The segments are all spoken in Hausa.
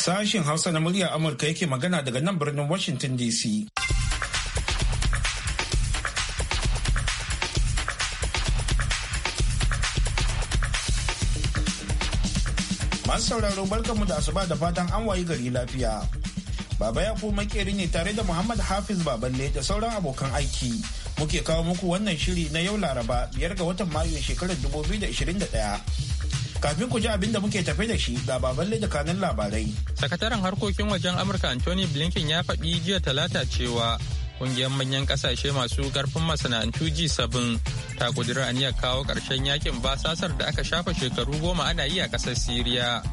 Sashen Hausa na murya Amurka yake magana daga nan birnin Washington DC. Masu sauraro barkanmu da asuba da fatan an wayi gari lafiya. Baba ya makeri ne tare da Muhammad Hafiz Baballe da sauran abokan aiki. Muke kawo muku wannan shiri na yau Laraba biyar ga watan Mayu shekarar 2021. Kafin ku ji abin da muke tafe da shi ga Babanne da kanin labarai. Sakataren harkokin wajen Amurka Anthony Blinken ya faɗi jiya talata cewa kungiyar manyan kasashe masu karfin masana'antu G7 ta kudura aniyar kawo ƙarshen yakin basasar da aka shafa shekaru goma ana yi a ƙasar Siriya.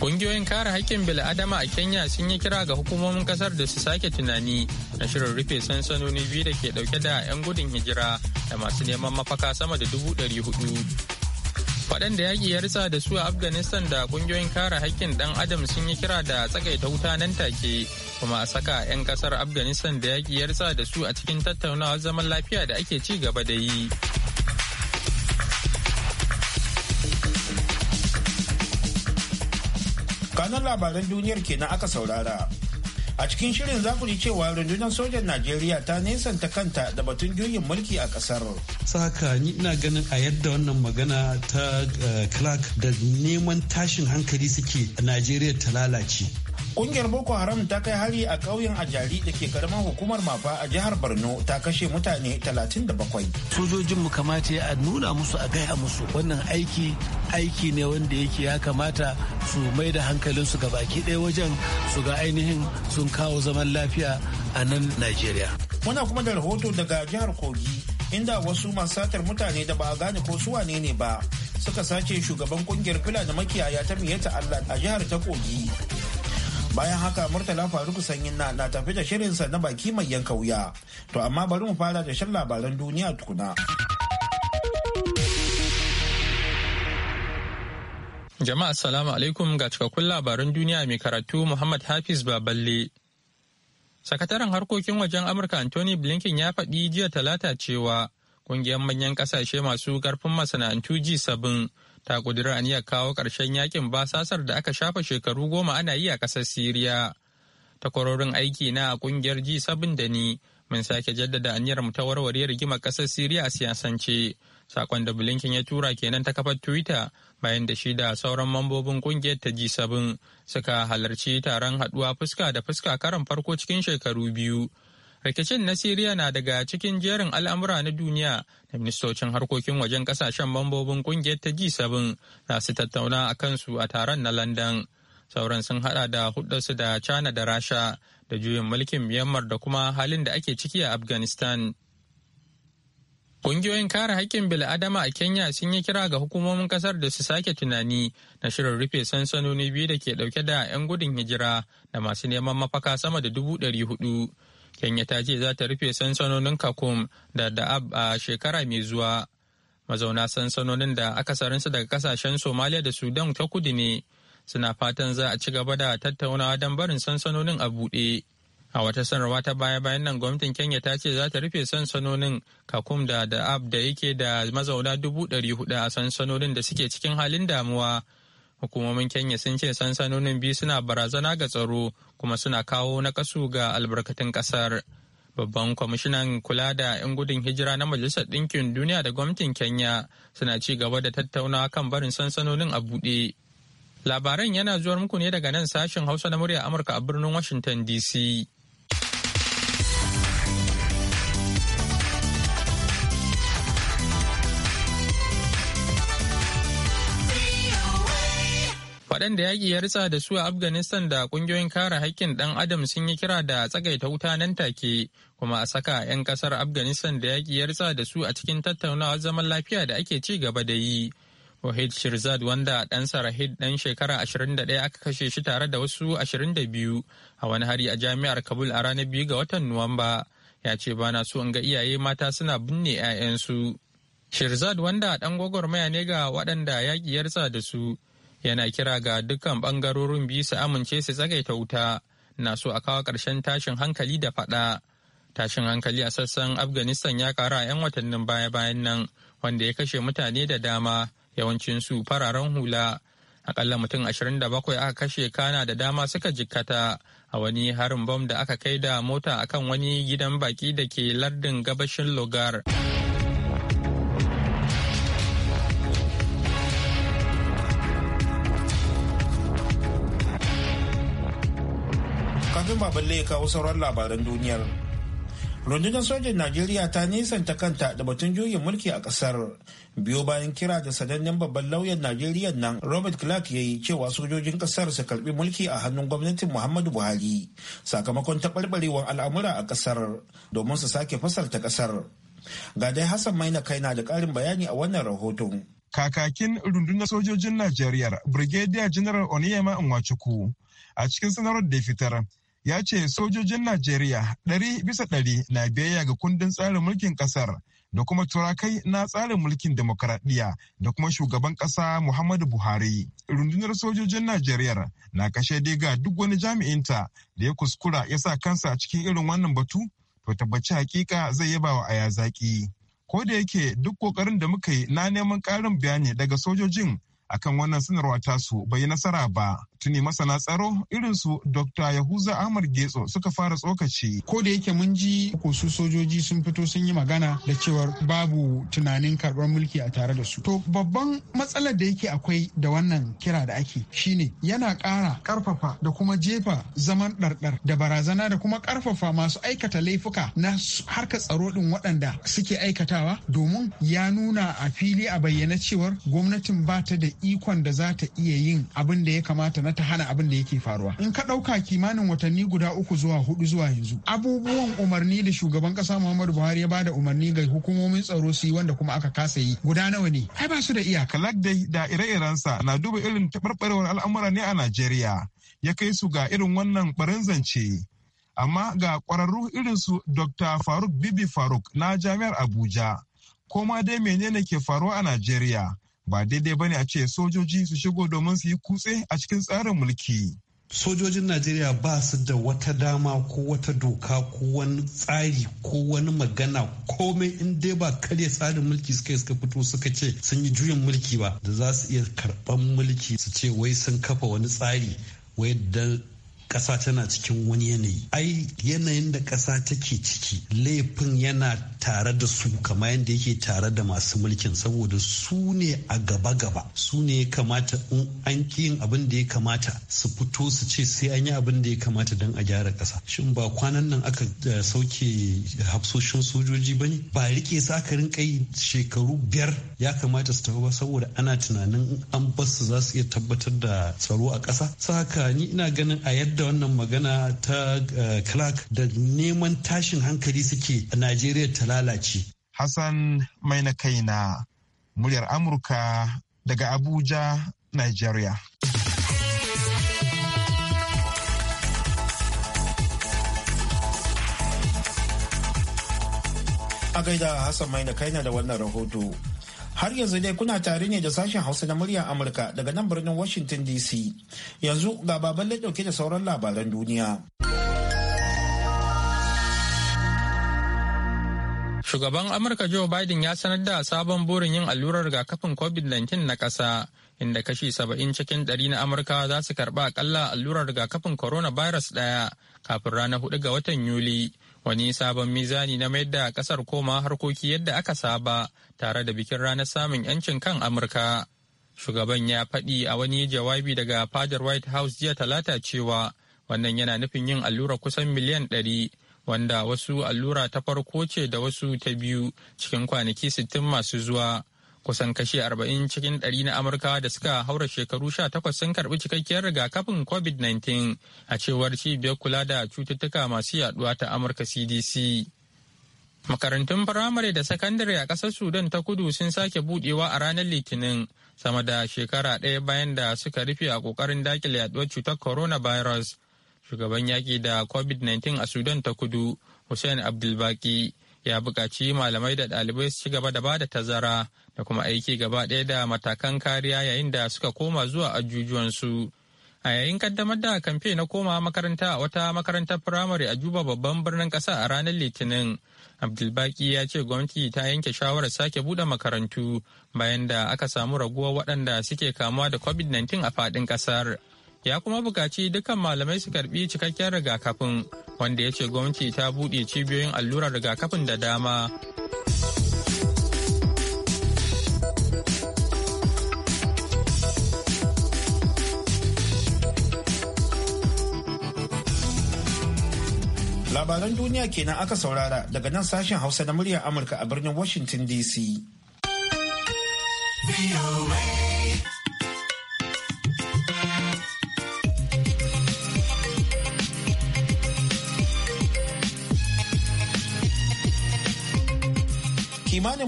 Kungiyoyin kare haƙƙin bil'adama a Kenya sun yi kira ga hukumomin kasar da su sake tunani na shirin rufe sansanoni biyu da ke dauke da 'yan gudun hijira da masu neman mafaka sama da dubu ɗari hudu. Waɗanda yaƙi ya risa da su a Afghanistan da kungiyoyin kare haƙƙin ɗan adam sun yi kira da tsagaita wuta nan take kuma a saka 'yan ƙasar Afghanistan da yaƙi ya risa da su a cikin tattaunawar zaman lafiya da ake ci gaba da yi. kanan labaran duniyar kenan aka saurara a cikin shirin za ji cewa rundunar sojan najeriya ta nesanta kanta da batun juyin mulki a kasar saka ni ina ganin a yadda wannan magana ta eh, clark da neman tashin hankali suke najeriya ta lalace Kungiyar Boko Haram ta kai hari a ƙauyen Ajari da ke karamar hukumar Mafa a jihar Borno ta kashe mutane 37. Sojojin mu kamata ya nuna musu a gaya musu wannan aiki aiki ne wanda yake ya kamata su mai da su ga baki ɗaya wajen su ga ainihin sun kawo zaman lafiya a nan Najeriya. Muna kuma da rahoto daga jihar Kogi inda wasu masu satar mutane da ba a gane ko su wane ne ba suka sace shugaban kungiyar da makiyaya ta miyata Allah a jihar ta Kogi. Bayan haka Murtala faruk Sanyin na na tafi da shirinsa na baki mai yanka wuya. To amma bari mu fara da shan labaran duniya tukuna. Jama'a salamu alaikum ga cikakkun labaran duniya mai karatu Muhammad Hafiz Baballe. Sakataren harkokin wajen Amurka Anthony Blinken ya faɗi jiya talata cewa ƙungiyar manyan ƙasashe masu ƙarfin masana'antu G7 ta ƙudiri aniyar kawo ƙarshen yakin basasar da aka shafa shekaru goma ana yi a ƙasar Siriya. Takwarorin aiki na kungiyar G7 da ni mun sake jaddada aniyar mu ta warware rigimar ƙasar Siriya a siyasance. Sakon da Blinken ya tura kenan ta kafar Twitter bayan da shi da sauran mambobin kungiyar ta ji sabin suka halarci taron haɗuwa fuska da fuska karan farko cikin shekaru biyu. Rikicin na Siriya na daga cikin jerin al'amura na duniya da ministocin harkokin wajen kasashen mambobin kungiyar ta ji sabin za su tattauna a kansu a taron na London. Sauran sun hada da hudarsu da China da Rasha da juyin mulkin Myanmar da kuma halin da ake ciki a Afghanistan. Ƙungiyoyin kare haƙƙin bil'adama a Kenya sun yi kira ga hukumomin ƙasar da su sake tunani na shirin rufe sansanoni biyu da ke ɗauke da 'yan gudun hijira da masu neman mafaka sama da dubu ɗari hudu. Kenya ta ce za ta rufe sansanonin Kakum da Da'ab a shekara mai zuwa. Mazauna sansanonin da su daga kasashen Somalia da Sudan ta kudu ne suna fatan za a ci gaba da tattaunawa don barin sansanonin a buɗe. A wata sanarwa ta baya-bayan nan gwamnatin Kenya ta ce za ta rufe sansanonin Kakum da Da'ab da yake da mazauna dubu ɗari hudu a sansanonin da suke cikin halin damuwa. Hukumomin Kenya sun ce sansanonin biyu suna barazana ga tsaro kuma suna kawo nakasu ga albarkatun ƙasar. Babban kwamishinan kula da 'yan gudun hijira na Majalisar Ɗinkin Duniya da gwamnatin Kenya suna ci gaba da tattaunawa kan barin sansanonin a buɗe. Labaran yana zuwar muku ne daga nan sashen Hausa na murya Amurka a birnin Washington DC. waɗanda yaƙi ya ritsa da su a afghanistan da ƙungiyoyin kare haƙƙin ɗan adam sun yi kira da tsagaita wuta nan take kuma a saka 'yan ƙasar afghanistan da yaƙi ya ritsa da su a cikin tattaunawar zaman lafiya da ake ci gaba da yi wahid shirzad wanda ɗan rahid ɗan shekara 21 aka kashe shi tare da wasu 22 a wani hari a jami'ar kabul a ranar biyu ga watan nuwamba ya ce bana na so in ga iyaye mata suna binne 'ya'yansu shirzad wanda ɗan gwagwarmaya ne ga waɗanda yaƙi ya ritsa da su yana kira ga dukkan bangarorin biyu su amince su tsagaita wuta na so a kawo ƙarshen tashin hankali da faɗa. Tashin hankali a sassan Afghanistan ya ƙara a 'yan watannin baya-bayan nan wanda ya kashe mutane da dama yawancin su fararen hula. Akalla mutum ashirin da bakwai aka kashe kana da dama suka jikkata a wani harin bom da aka kai da mota akan wani gidan baki da ke lardin gabashin Logar. kafin baballe ya kawo sauran labaran duniyar rundunar sojin najeriya ta nisanta kanta da batun juyin mulki a kasar biyo bayan kira da sanannen babban lauyan najeriya nan robert clark ya yi cewa sojojin kasar su karbi mulki a hannun gwamnatin muhammadu buhari sakamakon taɓarɓarewar al'amura a kasar domin su sake ta kasar ga dai hassan maina na da ƙarin bayani a wannan rahoton kakakin rundunar sojojin najeriya brigadier general onyema nwachukwu a cikin sanarwar da fitar ya ce sojojin Najeriya ɗari bisa ɗari na biyayya ga kundin tsarin mulkin ƙasar da kuma turakai na tsarin mulkin demokaradiyya da kuma shugaban ƙasa Muhammadu Buhari. Rundunar sojojin Najeriya na kashe ga duk wani jami'inta da ya kuskura ya sa kansa cikin irin wannan batu to tabbaci hakika zai yaba wa aya zaki. Ko da yake duk ƙoƙarin da muka yi na neman ƙarin bayani daga sojojin akan wannan sanarwa tasu bai nasara ba. Tuni masana tsaro irin su Dr. Yahuza Ahmad Getso suka fara tsokaci. Ko da yake mun ji ko su sojoji sun fito sun yi magana da cewar babu tunanin karbar mulki a tare da su. To babban matsalar da yake akwai da wannan kira da ake shine yana ƙara ƙarfafa da kuma jefa zaman ɗarɗar da barazana da kuma ƙarfafa masu aikata laifuka na harka tsaro ɗin waɗanda suke aikatawa domin ya nuna a fili a bayyana cewar gwamnatin ba ta da ikon da za ta iya yin abin da ya kamata na ta hana abin da yake faruwa in ka ɗauka kimanin watanni guda uku zuwa hudu zuwa yanzu abubuwan umarni da shugaban ƙasa muhammadu buhari ya bada umarni ga hukumomin tsaro su yi wanda kuma aka kasa yi guda nawa ne ai ba su da iyaka dai da ire-irensa na duba irin taɓarɓarewar al'amura ne a najeriya ya kai su ga irin wannan ɓarin zance amma ga kwararru irin su dr faruk bibi faruk na jami'ar abuja ko ma dai menene ke faruwa a najeriya ba daidai bane a ce sojoji su shigo domin su yi kutse a cikin tsarin mulki sojojin najeriya ba su da wata dama ko wata doka ko wani tsari ko wani magana komai in dai ba karya tsarin mulki suka yi suka fito suka ce sun yi juyin mulki ba da za su iya karban mulki su ce wai sun kafa wani tsari wai ƙasa tana cikin wani yanayi ai yanayin da ƙasa take ciki laifin yana tare da su kama yadda yake tare da masu mulkin saboda su ne a gaba-gaba su ne kamata in an ki yin abin da ya kamata su fito su ce sai an yi abin da ya kamata don a gyara ƙasa shin ba kwanan nan aka sauke hafsoshin sojoji ba ne ba rike sa aka rinka yi shekaru biyar ya kamata su tafi ba saboda ana tunanin an basu za su iya tabbatar da tsaro a ƙasa saka ni ina ganin a yadda da wannan magana ta eh, Clark da neman tashin hankali suke a Najeriya ta lalace. Hassan mai na kaina muryar Amurka daga Abuja, Nigeria. A gaida Hassan mai na kaina da wannan rahoto. Har yanzu dai kuna tare ne da sashen Hausa na muryar Amurka daga nan birnin Washington DC. Yanzu ga baban dauke da sauran labaran duniya. Shugaban Amurka Joe Biden ya sanar da sabon burin yin allurar rigakafin COVID-19 na ƙasa, inda kashi saba'in cikin ɗari na Amurka za su karɓa akalla allurar rigakafin coronavirus ɗaya kafin ranar 4 ga watan Yuli. wani sabon mizani na mayar da kasar koma harkoki yadda aka saba tare da bikin ranar samun 'yancin kan amurka shugaban ya faɗi a wani jawabi daga fadar white house jiya talata cewa wannan yana nufin yin allura kusan miliyan 100 wanda wasu allura ta farko ce da wasu ta biyu cikin kwanaki 60 masu zuwa kusan kashi 40 cikin 100 na amurka da suka haura shekaru 18 sun karbi cikakkiyar rigakafin covid-19 a cewar cibiyar kula da cututtuka masu yaduwa ta amurka cdc makarantun firamare da sakandare a ƙasar sudan ta kudu sun sake budewa a ranar litinin sama da shekara ɗaya bayan da suka rufe a ƙoƙarin dakile yaduwar cutar coronavirus shugaban yaƙi da covid-19 a sudan ta kudu hussein abdulbaki ya buƙaci malamai da ɗalibai su ci gaba da bada tazara da kuma aiki gaba ɗaya da matakan kariya yayin da suka koma zuwa ajujuwansu. A yayin kaddamar da kamfe na koma makaranta a wata makarantar firamare a Juba babban birnin ƙasa a ranar Litinin, Abdulbaki ya ce gwamnati ta yanke shawarar sake buɗe makarantu bayan da aka samu raguwa waɗanda suke kamuwa da COVID-19 a faɗin ƙasar. ya kuma bukaci dukkan malamai su karbi cikakken rigakafin wanda ya ce gwamnati ta buɗe cibiyoyin allurar rigakafin da dama labaran duniya kenan aka saurara daga nan sashen hausa na muryar amurka a birnin washington dc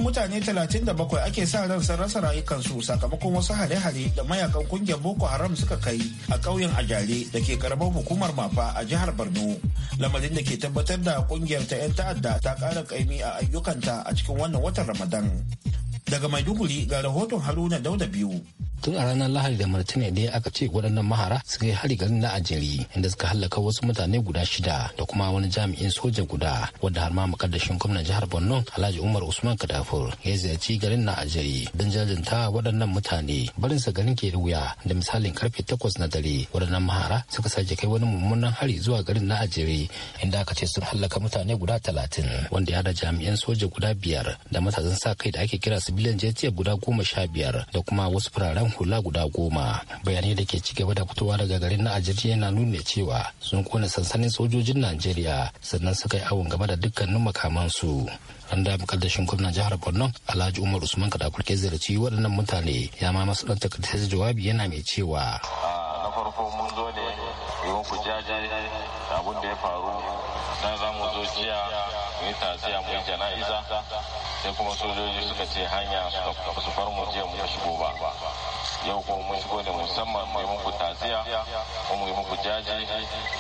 mutane 37 ake sa ran sun rasa rayukansu sakamakon wasu hare-hare da mayakan kungiyar Boko Haram suka kai a ƙauyen Ajare da ke karamar hukumar Mafa a jihar Borno. Lamarin da ke tabbatar da kungiyar ta 'yan ta'adda ta ƙara ƙaimi a ayyukanta a cikin wannan watan Ramadan. Daga Maiduguri ga rahoton Haruna Dauda biyu. tun a ranar lahadi da martini dai aka ce waɗannan mahara suka yi hari garin na ajeri inda suka hallaka wasu mutane guda shida da kuma wani jami'in soja guda wadda har ma makaddashin gwamnan jihar borno alhaji umar usman kadafur ya ziyarci garin na ajeri don jajanta waɗannan mutane barin sa garin ke da wuya da misalin karfe takwas na dare waɗannan mahara suka sake kai wani mummunan hari zuwa garin na ajeri inda aka ce sun hallaka mutane guda talatin wanda ya da jami'an soja guda biyar da matasan sa kai da ake kira sibilan jejiyar guda goma sha biyar da kuma wasu fararen kan hula guda goma bayanai da ke cigaba da fitowa daga garin na ajirje yana nuna cewa sun kona sansanin sojojin najeriya sannan suka yi awon game da dukkanin makamansu an da mukaddashin gwamnan jihar borno alhaji umar usman kadakul ke ziyarci waɗannan mutane ya ma masu ɗan takardar jawabi yana mai cewa ah, na farko mun zo ne yiwu ku da ya faru dan za mu zo jiya mu yi tasiya mu yi jana'iza sai kuma sojoji suka ce hanya su far mu jiya mu shigo ba yau kuma mun shigo da musamman mu yi muku taziya kuma mu yi muku jaji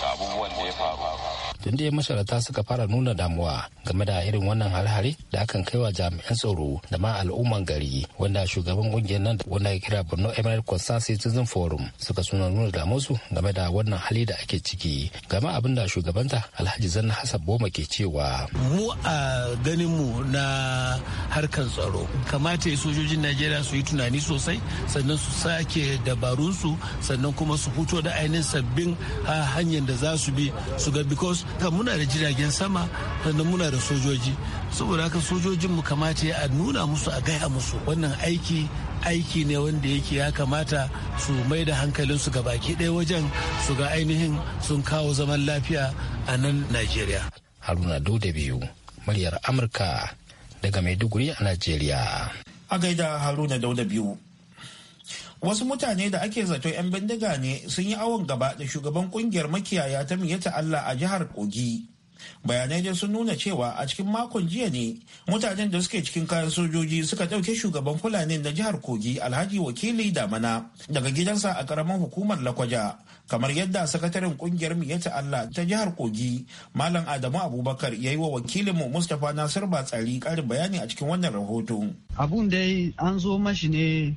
ga abubuwan da ya faru tunda ya masharata suka fara nuna damuwa game da irin wannan hare-hare da akan kai wa jami'an tsaro da ma al'umman gari wanda shugaban kungiyar nan wanda ya kira Borno Emirate Constancy Citizen Forum suka suna nuna damusu game da wannan hali da ake ciki game abin da shugabanta Alhaji Zanna Hassan Boma ke cewa mu a ganin mu na harkar tsaro kamata ya sojojin Najeriya su yi tunani sosai sannan su sake dabarunsu sannan kuma su fito da ainihin sabbin hanyar da za su bi su ga because ga muna da jiragen sama sannan muna da sojoji saboda haka sojojin mu kamata a nuna musu a gaya musu wannan aiki aiki ne wanda yake ya kamata su mai da su ga baki ɗaya wajen su ga ainihin sun kawo zaman lafiya a nan Najeriya. Haruna da biyu muryar Amurka daga Maiduguri a Najeriya. A gaida Haruna da biyu wasu mutane da ake zato 'yan bindiga ne sun yi awon gaba da shugaban kungiyar makiyaya ta miyata Allah a jihar Kogi. Bayanai dai sun nuna cewa a cikin makon jiya ne mutanen da suke cikin kayan sojoji suka ɗauke shugaban Fulani na jihar Kogi Alhaji Wakili Damana daga gidansa a ƙaramin hukumar Lakwaja. Kamar yadda sakataren kungiyar miyata Allah ta jihar Kogi Malam Adamu Abubakar ya yi wa wakilinmu Mustapha Nasir Batsari ƙarin bayani a cikin wannan rahoto. Abun dai an zo mashi ne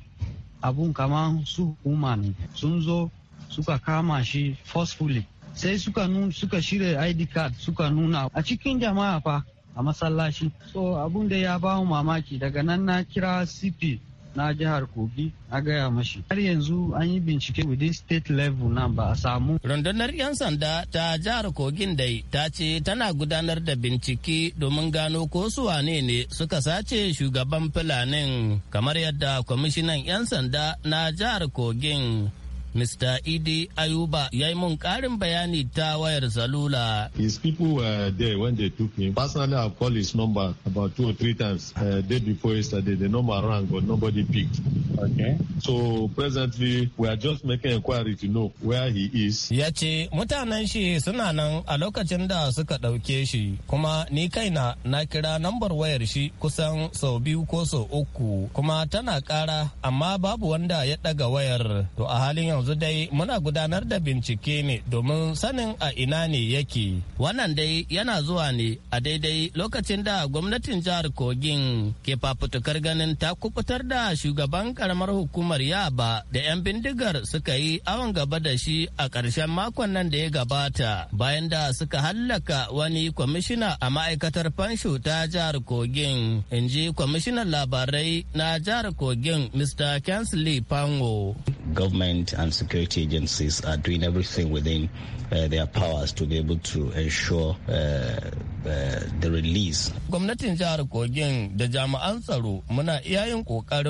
abun kamar su hukuma ne sun zo suka kama shi forcefully sai suka suka shirya id card suka nuna a cikin jama'a fa a masallaci so abun da ya bamu mamaki daga nan na kira cp na jihar kogi a gaya mashi har yanzu an yi bincike within state level nan ba a samu rundunar 'yan sanda ta jihar kogin dai ta ce tana gudanar da bincike domin gano ko su wane ne suka sace shugaban fulanin kamar yadda kwamishinan 'yan sanda na jihar kogin Mr. Idi Ayuba ya yi mun ƙarin bayani ta wayar salula. His people were there when they took him. Personally, I've called his number about two or three times. Uh, day before yesterday, the number rang, but nobody picked. Okay. So presently, we are just making inquiry to know where he is. Ya ce, mutanen shi suna nan a lokacin da suka ɗauke shi, kuma ni kaina na kira nambar wayar shi kusan sau biyu ko sau uku, kuma tana ƙara, amma babu wanda ya ɗaga wayar. To a halin yau yanzu dai muna gudanar da bincike ne domin sanin a ina ne yake. Wannan dai yana zuwa ne a daidai lokacin da gwamnatin jihar Kogin ke fafutukar ganin ta kubutar da shugaban karamar hukumar Yaba da 'yan bindigar suka yi awon gaba da shi a karshen makon nan da ya gabata bayan da suka hallaka wani kwamishina a ma'aikatar fansho ta jihar Kogin. In ji kwamishinan labarai na jihar Kogin Mr. Kensley Pango. government and security agencies are doing everything within uh, their powers to be able to ensure uh, Uh, the release. Gwamnatin jihar Kogin da jami'an tsaro muna iya yin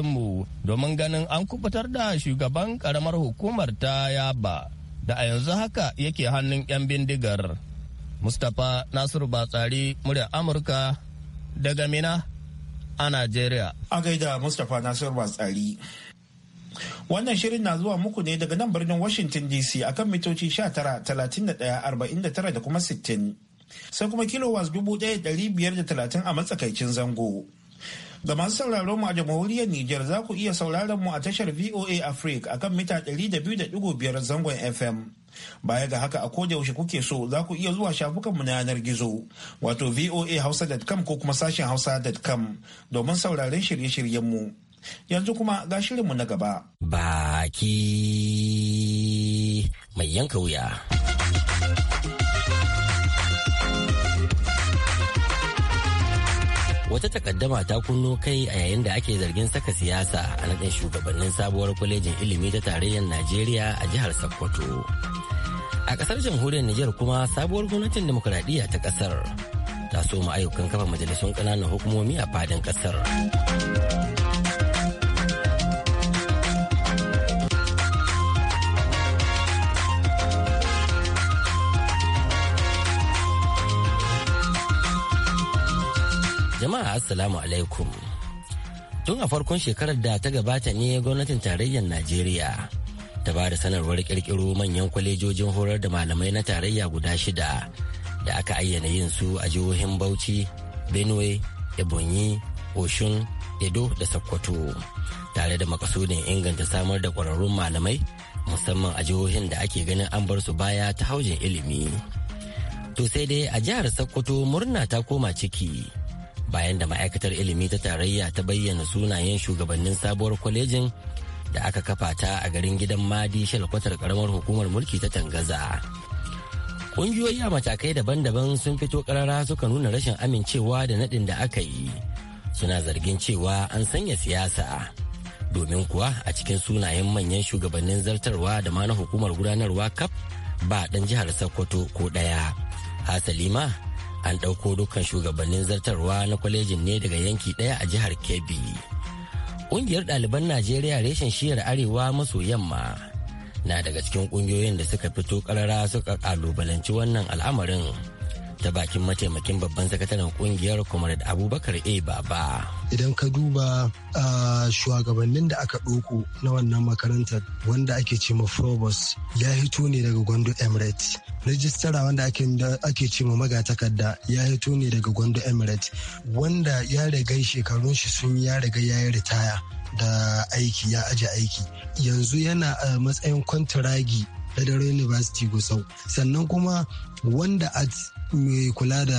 mu domin ganin an kubutar da shugaban karamar hukumar ta yaba da a yanzu haka yake hannun 'yan bindigar. Mustapha Nasiru Batsari murya Amurka daga Mina a Najeriya. A gaida Mustapha Nasiru Batsari. Wannan shirin na zuwa muku ne daga nan birnin Washington DC akan mitoci 19, 31, 49 da kuma 60. Sai kuma kilowas 1,530 a matsakaicin zango. Ga masu sauraron mu a jamhuriyar Nijar za ku iya sauraron mu a tashar VOA Africa akan mita 200.5 zangon FM. Baya ga haka a koda yaushe kuke so za ku iya zuwa shafukan mu na yanar gizo wato hausa.com ko kuma sashen hausa.com domin sauraron shirye shiryen mu. Yanzu kuma ga shirinmu na gaba. Baki mai yanka wuya. Wata takaddama ta kunno kai a yayin da ake zargin saka siyasa a naɗin shugabannin sabuwar kwalejin ilimi ta tarayyar Najeriya a jihar Sokoto. A kasar jamhuriyar Nijar kuma sabuwar gwamnatin demokuraɗiyya ta kasar ta so ayyukan kafa majalisun ƙananan hukumomi a fadin ƙasar. Assalamu alaikum. Tun a farkon shekarar da ta gabata ne gwamnatin tarayyar Najeriya ta ba da sanarwar kirkiro manyan kwalejojin horar da malamai na tarayya guda shida da aka ayyana yin su a jihohin Bauchi, Benue, Ebonyi, Oshun, Edo da Sokoto. Tare da makasudin inganta samar da kwararrun malamai musamman a jihohin da ake ganin an bar su baya ta haujin ilimi. To sai dai a jihar Sokoto murna ta koma ciki bayan da ma'aikatar ilimi ta tarayya ta bayyana sunayen shugabannin sabuwar kwalejin da aka kafa ta a garin gidan madi shalkwatar karamar hukumar mulki ta tangaza ƙungiyoyi a matakai daban-daban sun fito karara suka nuna rashin amincewa da naɗin da aka yi suna zargin cewa an sanya siyasa domin kuwa a cikin sunayen manyan shugabannin zartarwa da ma na hukumar gudanarwa kaf ba ɗan jihar sokoto ko ɗaya hasalima an ɗauko dukkan shugabannin zartarwa na kwalejin ne daga yanki ɗaya a jihar kebbi ƙungiyar ɗaliban najeriya reshen shiyar arewa maso yamma na daga cikin ƙungiyoyin da suka fito ƙarara suka ƙalubalanci wannan al'amarin ta bakin mataimakin babban sakataren kungiyar comrade abubakar a baba idan ka duba shugabannin da aka ɗoku na wannan makarantar wanda ake ce ma frobos ya hito ne daga gwando emirates rijistara wanda ake ce ma magatakarda ya hito ne daga gwando emirates wanda ya riga shekarun shi sun ya riga ya yi ritaya da aiki ya aji aiki yanzu yana a matsayin kwantiragi federal university gusau sannan kuma wanda a mai kula da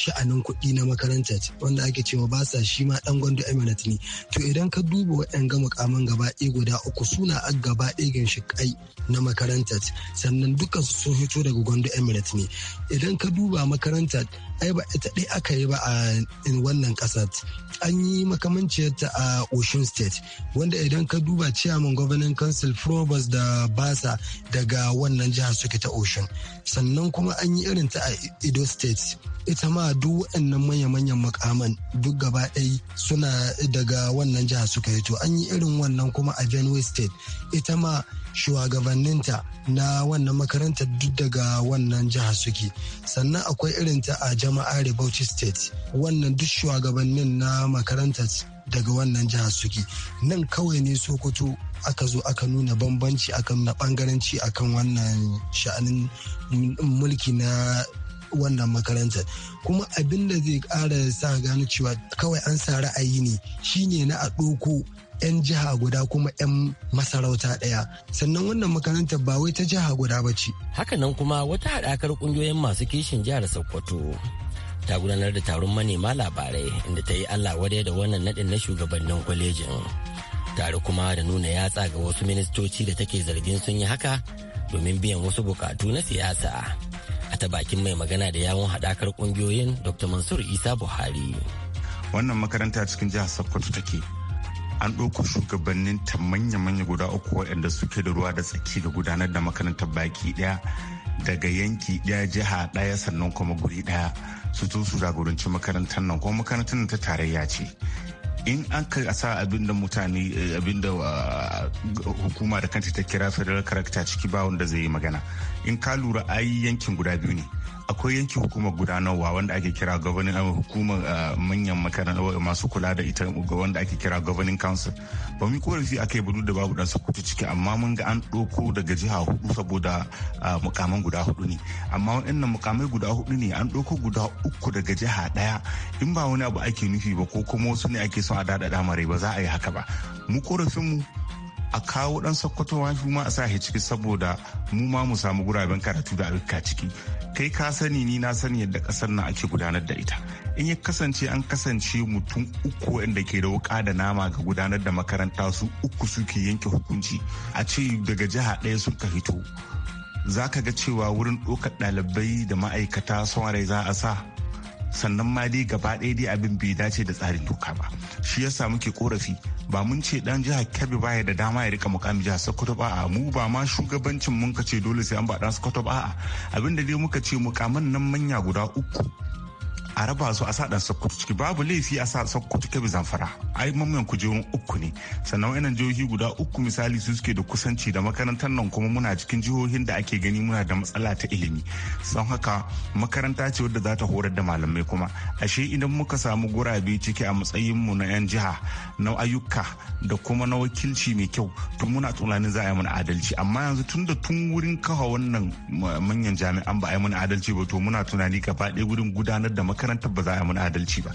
sha'anin kuɗi na makarantar wanda ake cewa ba sa shi ma ɗan gwandu eminent ne to idan ka duba waɗannan ga mukaman gaba ɗaya guda uku suna a gaba ɗaya kai na makarantar sannan dukkan su sun fito daga gwandu eminent ne idan ka duba makarantar. ai ba ita ɗaya aka yi ba a wannan kasar an yi makamanciyarta a ocean state wanda idan ka duba chairman governing council probus da basa daga wannan jihar suke ta ocean sannan kuma an yi irin ta a edo state ita ma duk waɗannan manya-manyan makaman duk gaba ɗaya suna daga wannan jihar suka yi to an yi irin wannan kuma a benue state ita ma shugabanninta na wannan makarantar duk daga wannan jihar suke sannan akwai irinta a jama'a Bauchi state wannan duk shugabannin na makarantar daga wannan jihar suke nan kawai ne sokoto aka zo aka nuna bambanci akan na bangaranci akan wannan sha'anin mulki na wannan makarantar kuma abin da zai ƙara sa gano cewa kawai an sa ra'ayi ne shine na a ɗoko 'yan jiha guda kuma 'yan masarauta ɗaya sannan wannan makaranta ba wai ta jiha guda ba ce. hakanan kuma wata haɗakar ƙungiyoyin masu kishin jihar sokoto ta gudanar da taron manema labarai inda ta yi allah wadai da wannan naɗin na shugabannin kwalejin tare kuma da nuna yatsa ga wasu ministoci da take zargin sun yi haka domin biyan wasu bukatu na siyasa a ta bakin mai magana da yawon haɗakar kungiyoyin dr mansur isa buhari wannan makaranta cikin jihar sokoto take an ɗauko shugabannin ta manya-manya guda uku waɗanda suke da ruwa da tsaki ga gudanar da makarantar baki ɗaya daga yanki ɗaya jiha ɗaya sannan kuma guri ɗaya su zo su jagoranci makarantar nan kuma makarantar nan ta tarayya ce in an ka sa abin da mutane eh, abin da ah, hukuma da kanta ta kira federal character ciki ba wanda zai yi magana in ka lura ayi yankin guda biyu ne akwai yanki hukumar gudanarwa wanda ake kira governing eh, hukumar eh, manyan makarantar eh, masu kula da ita wanda ake kira governing council ba mu korafi a kai da babu dan sakutu ciki amma mun ga an ɗauko daga jiha hudu saboda mukaman guda hudu ne amma waɗannan mukamai guda hudu ne an ɗauko guda uku daga jiha ɗaya in ba wani abu ake nufi ba ko kuma wasu ne ake son a daɗaɗa mare ba za a yi haka ba mu korafin mu a kawo dan sokoto wani ma a sa shi ciki saboda mu ma mu samu guraben karatu da ayyuka ciki kai ka sani ni na sani yadda kasar nan ake gudanar da ita in ya kasance an kasance mutum uku wanda ke da wuka da nama ga gudanar da makaranta su uku suke yanke hukunci a ce daga jiha ɗaya suka fito za ka ga cewa wurin ɗaukar ɗalibai da ma'aikata son rai za a sa sannan ma dai gaba ɗaya dai abin bai dace da tsarin doka ba shi yasa muke korafi ba mun ce dan jihar kebbi baya da dama ya rika mukamin jihar sokoto ba a mu ba ma shugabancin mun ka ce dole sai an ba dan sokoto ba a abin da dai muka ce mukamin nan manya guda uku a raba su a sadan sokoto ciki babu laifi a sa sokoto kebe zamfara yi mamman kujerun uku ne sannan wa'annan jihohi guda uku misali su suke da kusanci da makarantar nan kuma muna cikin jihohin da ake gani muna da matsala ta ilimi don haka makaranta ce wadda za ta horar da malamai kuma ashe idan muka samu gurabe ciki a matsayin mu na yan jiha na ayyuka da kuma na wakilci mai kyau to muna tunanin za a yi mana adalci amma yanzu tun da tun wurin kawa wannan manyan jami'an ba a yi mana adalci ba to muna tunani gaba ɗaya wurin gudanar da makaranta makarantar ba za a mana adalci ba.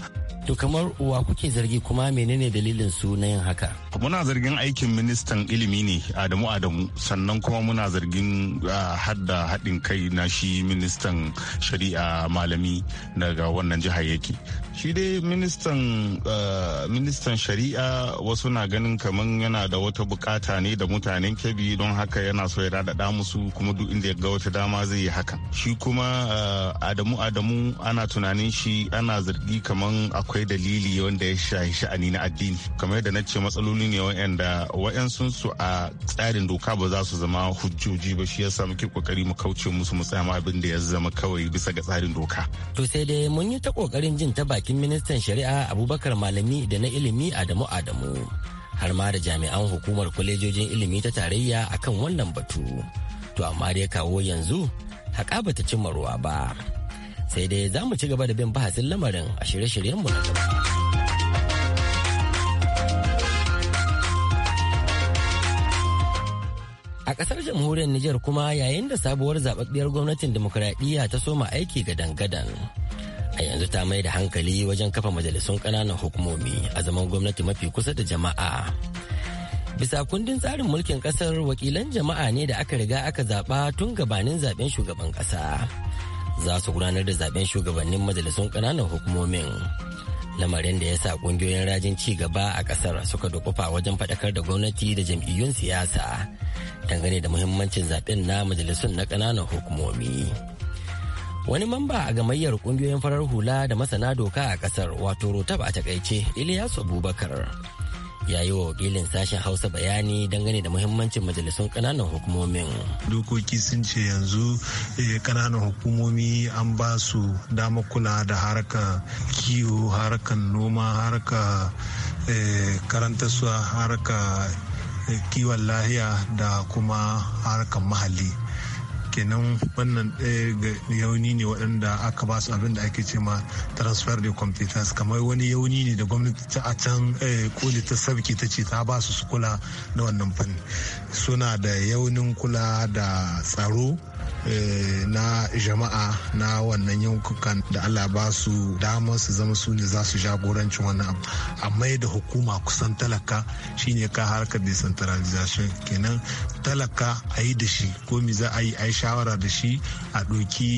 To kamar wa kuke zargi kuma menene dalilin su na yin haka? Muna zargin aikin ministan ilimi ne Adamu Adamu sannan kuma muna zargin ah, hadda haɗin kai na shi ministan shari'a malami daga wannan jihar yake. shi dai ministan eh, ministan shari'a wasu na ganin kaman yana da wata bukata ne da mutanen kebi don haka yana so ya daɗaɗa musu kuma duk inda ya ga wata dama zai yi hakan shi kuma eh, adamu adamu ana tunanin shi ana zargi kaman akwai dalili wanda ya shahi sha'ani na addini kamar yadda na ce matsaloli ne wa'anda sun su a tsarin doka ba za su zama hujjoji ba shi yasa muke kokari mu kauce musu mu tsaya abin da ya zama kawai bisa ga tsarin doka to sai dai mun yi ta kokarin jin ta baki mataimakin ministan shari'a abubakar malami da na ilimi adamu adamu har ma da jami'an hukumar kwalejojin ilimi ta tarayya akan wannan batu to amma dai kawo yanzu haƙa bata cimma ruwa ba sai dai za mu ci gaba da bin bahasin lamarin a shirye-shiryenmu na gaba A kasar jamhuriyar Nijar kuma yayin da sabuwar zababbiyar gwamnatin demokuraɗiyya ta soma aiki gadan-gadan. a yanzu ta mai da hankali wajen kafa majalisun ƙananan hukumomi a zaman gwamnati mafi kusa da jama'a bisa kundin tsarin mulkin kasar wakilan jama'a ne da aka riga aka zaɓa tun gabanin zaben shugaban ƙasa za su gudanar da zaben shugabannin majalisun ƙananan hukumomin lamarin da ya sa ƙungiyoyin rajin ci gaba a ƙasar suka dukufa wajen faɗakar da gwamnati da jam'iyyun siyasa dangane da muhimmancin zaben na majalisun na ƙananan hukumomi. wani mamba a gamayyar kungiyoyin farar hula da masana doka a kasar wato rotab a takaice iliyas abubakar ya yi wa wakilin sashen hausa bayani dangane da muhimmancin majalisun kananan hukumomin dokoki sun ce yanzu kananan eh, hukumomi an ba su dama kula da harka kiwo harkar noma harkar eh, su harka eh, kiwon lahiya da kuma harkar mahalli kenan wannan ɗaya yauni ne waɗanda aka ba su abin da ake ce ma transfer de competence kamar wani yauni ne da gwamnati ta a can eh, koli ta sabki ta ce ta ba su su kula da wannan fanni suna da yaunin kula da tsaro Eh, na jama'a na wannan yankukan da Allah ba su dama su zama su ne za su jagorancin wannan abu amma da hukuma kusan talaka shine ka harkar decentralization kenan talaka a yi da shi ko za a yi a shawara da shi a ɗoki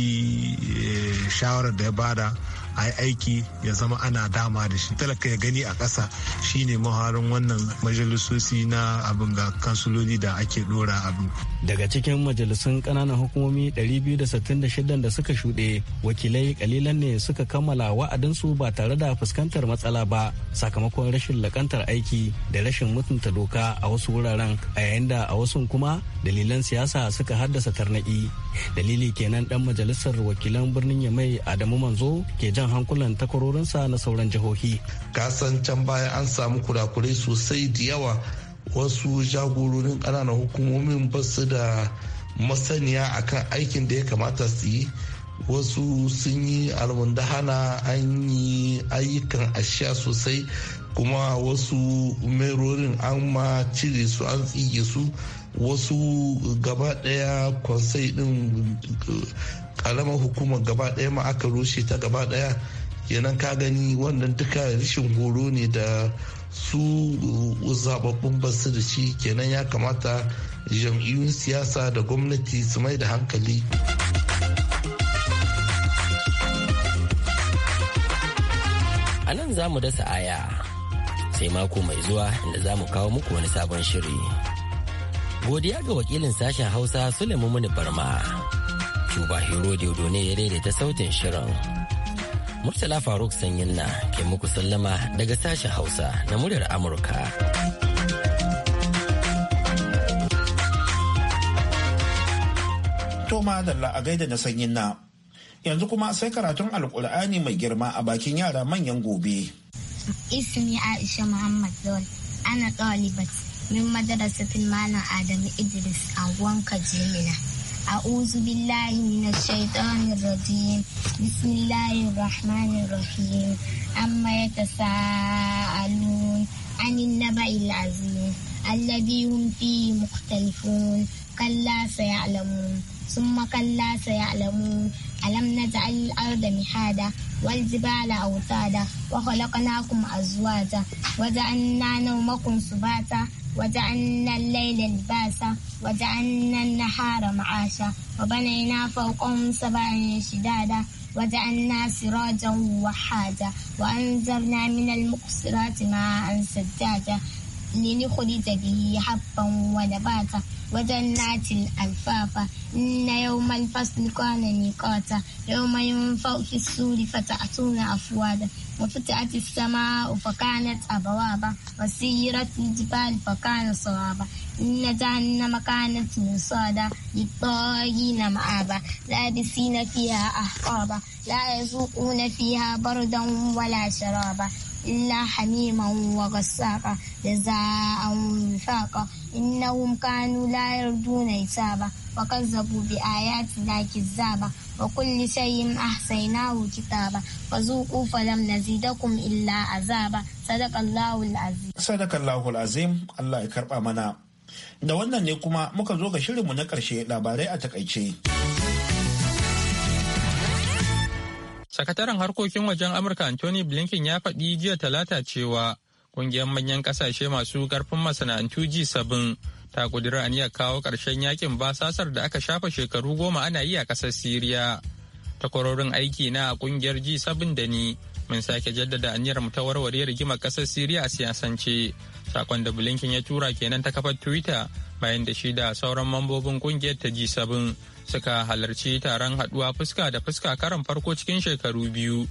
eh, shawarar da ya bada a yi aiki ya zama ana dama da shi talaka ya gani a ƙasa shine maharin wannan majalisosi na abin ga kansuloli da ake dora abin daga cikin majalisun ƙananan hukumomi 266 da suka shuɗe wakilai kalilan ne suka kammala wa'adinsu ba tare da fuskantar matsala ba sakamakon rashin lakantar aiki da rashin mutunta doka a wasu wuraren a yayin da a wasu kuma dalilan siyasa suka haddasa tarnaki dalili kenan dan majalisar wakilan birnin yamai adamu manzo ke jan jan hankulan takwarorinsa na sauran jihohi. Kasan can baya an samu kurakurai sosai da yawa wasu jagororin ƙananan hukumomin ba su da masaniya akan aikin da ya kamata su yi wasu sun yi almundahana an yi ayyukan ashiya sosai kuma wasu merorin an ma cire su an tsige su wasu gaba daya kwansai din kalamar hukumar gaba ɗaya ma aka rushe ta gaba ɗaya kenan ka gani wannan duka rashin horo ne da su zababbun basu da shi kenan ya kamata jam'iyyun siyasa da gwamnati su mai da hankali. a nan za mu dasa aya sai mako mai zuwa inda za mu kawo muku wani sabon shiri godiya ga wakilin sashen hausa suleiman muni barma Cuba Hero Diodo ne ya daidaita sautin shirin. Murtala Faruk Sanyin na ke muku sallama daga sashen Hausa na muryar Amurka. Toma Dalla a gaida na Sanyin na. Yanzu kuma sai karatun alkur'ani mai girma a bakin yara manyan gobe. Ismi Aisha Muhammad Lawal, ana ɗalibat min madarasa Malam Adamu Idris a wanka jimina. أعوذ بالله من الشيطان الرجيم بسم الله الرحمن الرحيم أما يتساءلون عن النبأ العظيم الذي هم فيه مختلفون كلا سيعلمون ثم كلا سيعلمون ألم نجعل الأرض مهادا والجبال أوتادا وخلقناكم أزواجا وجعلنا نومكم سباتا وجعلنا الليل لباسا وجعلنا النهار معاشا وبنينا فوقهم سبعا شدادا وجعلنا سراجا وحاجا وأنزلنا من المقصرات ماء سجاجا لنخرج به حبا ونباتا wajen natin alfafa na yau malfasli kwana ni kawata yau mai fauki suri fata a tuna afuwa da mafita ati sama ufakanat abawa ba wasirat jibal fakana sawa ba na jahannama kanat musada littagi na ma'aba labisi na fiya ahqaba la yazuquna fiha bardan wala sharaba إلا حميما وغساقا جزاء وفاقا إنهم كانوا لا يرجون حسابا وكذبوا بآياتنا كذابا وكل شيء أحصيناه كتابا فذوقوا فلم نزيدكم إلا عذابا صدق الله العظيم صدق الله العظيم الله يكرم منا da wannan ne kuma muka zo ga shirinmu na ƙarshe labarai a takaice. Sakataren harkokin wajen Amurka Anthony Blinken ya faɗi jiya talata cewa kungiyar manyan ƙasashe masu ƙarfin masana'antu G7 ta ƙudiri aniyar kawo ƙarshen yakin basasar da aka shafa shekaru goma ana yi a ƙasar Siriya. Takwarorin aiki na ƙungiyar G7 da ni mun sake jaddada aniyar mu ta warware rigimar ƙasar Siriya a siyasance. Sakon da Blinken ya tura kenan ta kafar Twitter bayan da shi da sauran mambobin kungiyar ta ji sabin suka halarci taron haɗuwa fuska da fuska karan farko cikin shekaru biyu.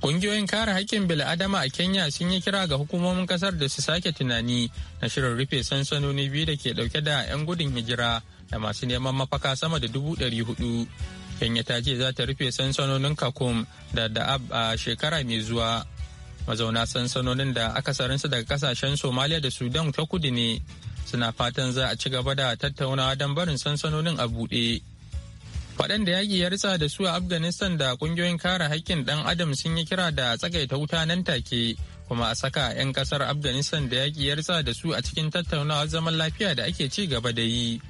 Kungiyoyin kare haƙƙin bil'adama a Kenya sun yi kira ga hukumomin ƙasar da su sake tunani na shirin rufe sansanoni biyu da ke dauke da 'yan gudun hijira da masu neman mafaka sama da dubu ɗari hudu. Kenya ta ce za ta rufe sansanonin Kakum da Da'ab a shekara mai zuwa. Mazauna sansanonin da akasarinsu daga kasashen Somalia da Sudan ta kudu ne suna fatan za a ci gaba da tattaunawa don barin sansanonin a buɗe. Waɗanda yaƙi ya ritsa da su a Afghanistan da ƙungiyoyin kare haƙƙin ɗan Adam sun yi kira da tsagaita wuta nan take kuma a saka 'yan ƙasar Afghanistan da yaƙi ya ritsa da su a cikin tattaunawa zaman lafiya da ake ci gaba da yi.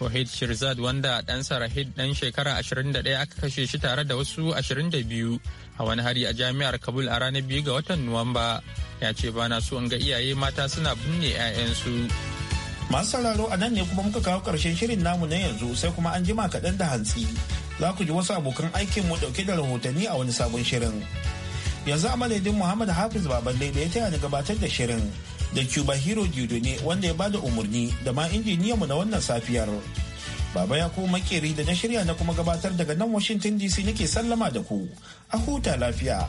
Wahid Shirzad wanda ɗansa Rahid ɗan shekara 21 aka kashe shi tare da wasu 22 a wani hari a jami'ar Kabul a ranar biyu ga watan Nuwamba ya ce bana so in ga iyaye mata suna binne 'ya'yansu. Masu sauraro a nan ne kuma muka kawo ƙarshen shirin namu na yanzu sai kuma an jima kaɗan da hantsi. Za ku ji wasu abokan aikin mu ɗauke da rahotanni a wani sabon shirin. Yanzu a madadin Muhammad Hafiz baban da ya taya ni gabatar da shirin da Cuba Hero Gido ne wanda ya ba da umarni da ma mu na wannan safiyar. Baba ya kuma makeri da na shirya na kuma gabatar daga nan Washington DC nake sallama da ku. A huta lafiya.